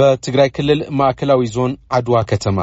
በትግራይ ክልል ማዕከላዊ ዞን አድዋ ከተማ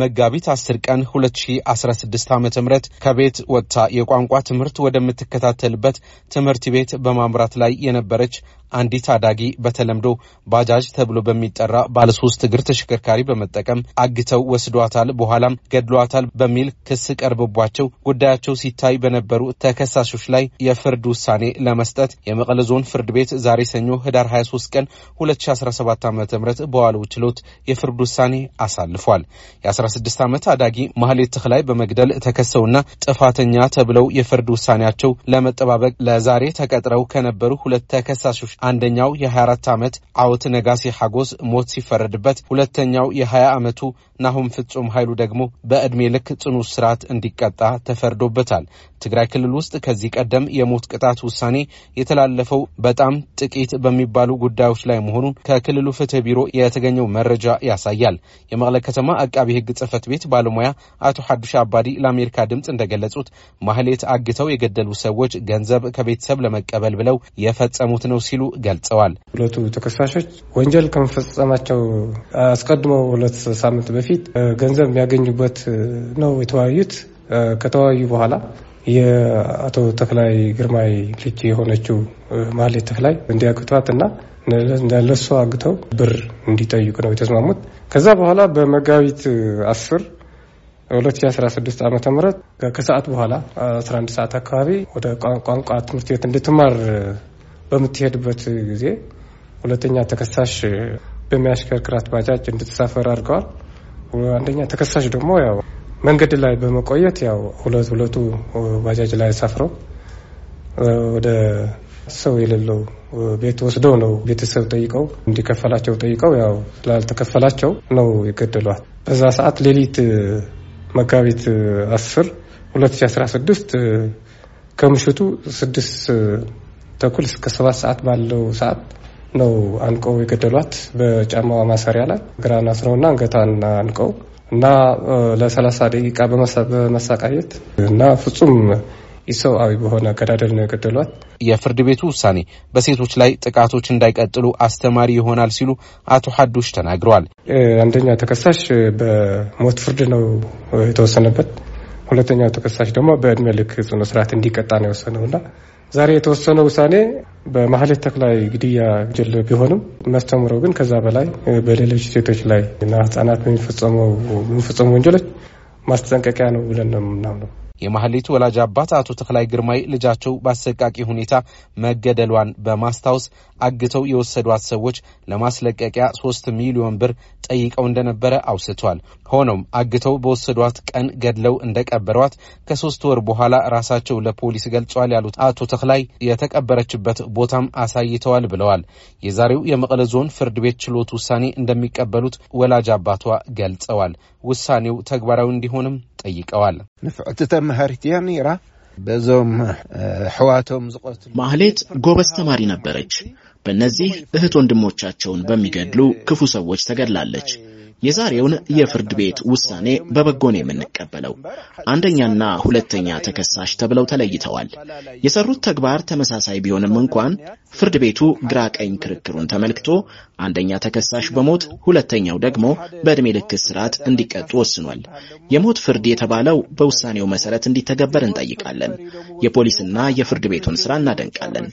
መጋቢት 10 ቀን 2016 ዓ ም ከቤት ወጥታ የቋንቋ ትምህርት ወደምትከታተልበት ትምህርት ቤት በማምራት ላይ የነበረች አንዲት አዳጊ በተለምዶ ባጃጅ ተብሎ በሚጠራ ባለሶስት እግር ተሽከርካሪ በመጠቀም አግተው ወስዷታል፣ በኋላም ገድሏታል በሚል ክስ ቀርቦባቸው ጉዳያቸው ሲታይ በነበሩ ተከሳሾች ላይ የፍርድ ውሳኔ ለመስጠት የመቀለ ዞን ፍርድ ቤት ዛሬ ሰኞ ህዳር 23 ቀን 2017 ዓ ም በዋለው ችሎት የፍርድ ውሳኔ አሳልፏል። የ16 ዓመት አዳጊ ማህሌት ተክላይ በመግደል ተከሰውና ጥፋተኛ ተብለው የፍርድ ውሳኔያቸው ለመጠባበቅ ለዛሬ ተቀጥረው ከነበሩ ሁለት ተከሳሾች አንደኛው የ24 ዓመት አወት ነጋሴ ሐጎስ ሞት ሲፈረድበት፣ ሁለተኛው የ20 ዓመቱ ናሁም ፍጹም ኃይሉ ደግሞ በዕድሜ ልክ ጽኑ ስርዓት እንዲቀጣ ተፈርዶበታል። ትግራይ ክልል ውስጥ ከዚህ ቀደም የሞት ቅጣት ውሳኔ የተላለፈው በጣም ጥቂት በሚባሉ ጉዳዮች ላይ መሆኑን ከክልሉ ፍትህ ቢሮ ከዚያ የተገኘው መረጃ ያሳያል። የመቀለ ከተማ አቃቢ ህግ ጽህፈት ቤት ባለሙያ አቶ ሐዱሽ አባዲ ለአሜሪካ ድምፅ እንደገለጹት ማህሌት አግተው የገደሉ ሰዎች ገንዘብ ከቤተሰብ ለመቀበል ብለው የፈጸሙት ነው ሲሉ ገልጸዋል። ሁለቱ ተከሳሾች ወንጀል ከመፈጸማቸው አስቀድሞ ሁለት ሳምንት በፊት ገንዘብ የሚያገኙበት ነው የተወያዩት። ከተወያዩ በኋላ የአቶ ተክላይ ግርማይ ልጅ የሆነችው ማሌት ተክላይ እንዲያግቷት እና ለሷ አግተው ብር እንዲጠይቁ ነው የተስማሙት። ከዛ በኋላ በመጋቢት አስር 2016 ዓ ም ከሰዓት በኋላ 11 ሰዓት አካባቢ ወደ ቋንቋ ትምህርት ቤት እንድትማር በምትሄድበት ጊዜ ሁለተኛ ተከሳሽ በሚያሽከርክራት ባጃጅ እንድትሳፈር አድርገዋል። አንደኛ ተከሳሽ ደግሞ ያው መንገድ ላይ በመቆየት ያው ሁለት ሁለቱ ባጃጅ ላይ ሰፍረው ወደ ሰው የሌለው ቤት ወስዶ ነው ቤተሰብ ጠይቀው እንዲከፈላቸው ጠይቀው ያው ስላልተከፈላቸው ነው የገደሏት። በዛ ሰዓት ሌሊት መጋቢት 10 2016 ከምሽቱ ስድስት ተኩል እስከ ሰባት ሰዓት ባለው ሰዓት ነው አንቀው የገደሏት። በጫማዋ ማሰሪያ ላይ እግራን አስረውና አንገቷን አንቀው እና ለሰላሳ ደቂቃ በመሳቃየት እና ፍጹም ኢሰብአዊ በሆነ አገዳደል ነው የገደሏት። የፍርድ ቤቱ ውሳኔ በሴቶች ላይ ጥቃቶች እንዳይቀጥሉ አስተማሪ ይሆናል ሲሉ አቶ ሀዱሽ ተናግረዋል። አንደኛ ተከሳሽ በሞት ፍርድ ነው የተወሰነበት። ሁለተኛው ተከሳሽ ደግሞ በእድሜ ልክ ጽኑ እስራት እንዲቀጣ ነው እና ዛሬ የተወሰነው ውሳኔ በማህሌት ተክላይ ግድያ ጀል ቢሆንም የሚያስተምረው ግን ከዛ በላይ በሌሎች ሴቶች ላይ እና ህጻናት በሚፈጸሙ ወንጀሎች ማስጠንቀቂያ ነው ብለን ነው የምናምነው። የማህሌት ወላጅ አባት አቶ ተክላይ ግርማይ ልጃቸው በአሰቃቂ ሁኔታ መገደሏን በማስታወስ አግተው የወሰዷት ሰዎች ለማስለቀቂያ ሶስት ሚሊዮን ብር ጠይቀው እንደነበረ አውስቷል። ሆኖም አግተው በወሰዷት ቀን ገድለው እንደቀበሯት ከሶስት ወር በኋላ ራሳቸው ለፖሊስ ገልጿል ያሉት አቶ ተክላይ የተቀበረችበት ቦታም አሳይተዋል ብለዋል። የዛሬው የመቀለ ዞን ፍርድ ቤት ችሎት ውሳኔ እንደሚቀበሉት ወላጅ አባቷ ገልጸዋል። ውሳኔው ተግባራዊ እንዲሆንም ጠይቀዋል። ንፍዕቲ ተመሃሪት እያ ነይራ በዞም ሕዋቶም ማህሌት ጎበዝ ተማሪ ነበረች። በእነዚህ እህት ወንድሞቻቸውን በሚገድሉ ክፉ ሰዎች ተገድላለች። የዛሬውን የፍርድ ቤት ውሳኔ በበጎ ነው የምንቀበለው። አንደኛና ሁለተኛ ተከሳሽ ተብለው ተለይተዋል። የሰሩት ተግባር ተመሳሳይ ቢሆንም እንኳን ፍርድ ቤቱ ግራ ቀኝ ክርክሩን ተመልክቶ አንደኛ ተከሳሽ በሞት ሁለተኛው ደግሞ በዕድሜ ልክ እስራት እንዲቀጡ ወስኗል። የሞት ፍርድ የተባለው በውሳኔው መሰረት እንዲተገበር እንጠይቃለን። የፖሊስና የፍርድ ቤቱን ስራ እናደንቃለን።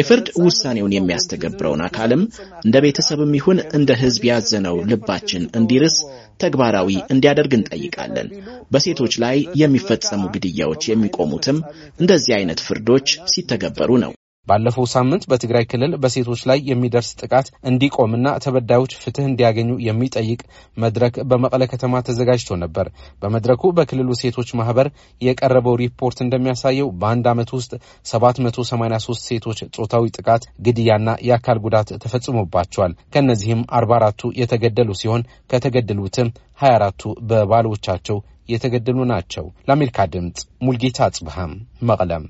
የፍርድ ውሳኔውን የሚያስተገብረውን አካልም እንደ ቤተሰብም ይሁን እንደ ሕዝብ ያዘነው ልባችን እንዲርስ ተግባራዊ እንዲያደርግ እንጠይቃለን። በሴቶች ላይ የሚፈጸሙ ግድያዎች የሚቆሙትም እንደዚህ አይነት ፍርዶች ሲተገበሩ ነው። ባለፈው ሳምንት በትግራይ ክልል በሴቶች ላይ የሚደርስ ጥቃት እንዲቆምና ተበዳዮች ፍትህ እንዲያገኙ የሚጠይቅ መድረክ በመቀለ ከተማ ተዘጋጅቶ ነበር። በመድረኩ በክልሉ ሴቶች ማህበር የቀረበው ሪፖርት እንደሚያሳየው በአንድ ዓመት ውስጥ 783 ሴቶች ጾታዊ ጥቃት፣ ግድያና የአካል ጉዳት ተፈጽሞባቸዋል። ከእነዚህም 44ቱ የተገደሉ ሲሆን ከተገደሉትም 24ቱ በባሎቻቸው የተገደሉ ናቸው። ለአሜሪካ ድምፅ ሙልጌታ አጽብሃም መቀለም